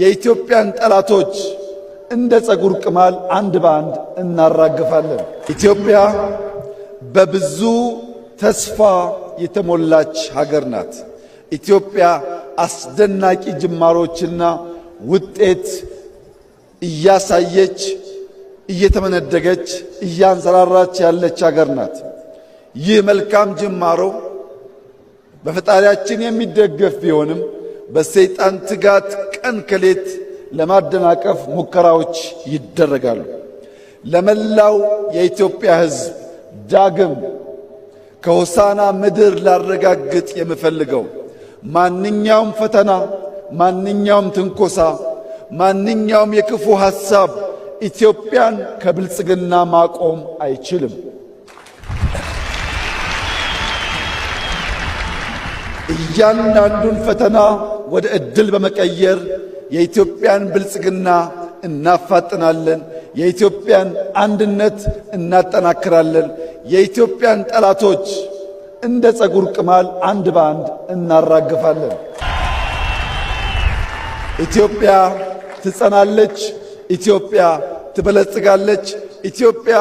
የኢትዮጵያን ጠላቶች እንደ ጸጉር ቅማል አንድ በአንድ እናራግፋለን። ኢትዮጵያ በብዙ ተስፋ የተሞላች ሀገር ናት። ኢትዮጵያ አስደናቂ ጅማሮችና ውጤት እያሳየች እየተመነደገች እያንሰራራች ያለች ሀገር ናት። ይህ መልካም ጅማሮ በፈጣሪያችን የሚደገፍ ቢሆንም በሰይጣን ትጋት ቀን ከሌት ለማደናቀፍ ሙከራዎች ይደረጋሉ። ለመላው የኢትዮጵያ ሕዝብ ዳግም ከሆሳና ምድር ላረጋግጥ የምፈልገው ማንኛውም ፈተና፣ ማንኛውም ትንኮሳ፣ ማንኛውም የክፉ ሐሳብ ኢትዮጵያን ከብልጽግና ማቆም አይችልም። እያንዳንዱን ፈተና ወደ እድል በመቀየር የኢትዮጵያን ብልጽግና እናፋጥናለን። የኢትዮጵያን አንድነት እናጠናክራለን። የኢትዮጵያን ጠላቶች እንደ ጸጉር ቅማል አንድ በአንድ እናራግፋለን። ኢትዮጵያ ትጸናለች። ኢትዮጵያ ትበለጽጋለች። ኢትዮጵያ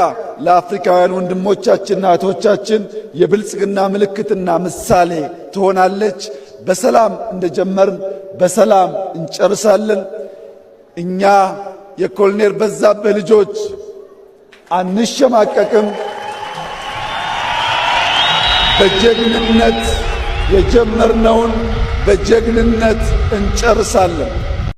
ለአፍሪካውያን ወንድሞቻችንና እህቶቻችን የብልጽግና ምልክትና ምሳሌ ትሆናለች። በሰላም እንደጀመርን በሰላም እንጨርሳለን። እኛ የኮሎኔል በዛብህ ልጆች አንሸማቀቅም። በጀግንነት የጀመርነውን በጀግንነት እንጨርሳለን።